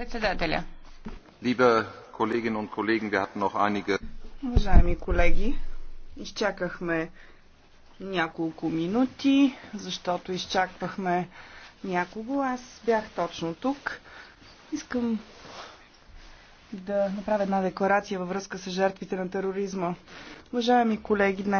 Председателя. Уважаеми колеги, изчакахме няколко минути, защото изчаквахме някого. Аз бях точно тук. Искам да направя една декларация във връзка с жертвите на тероризма. Уважаеми колеги, днес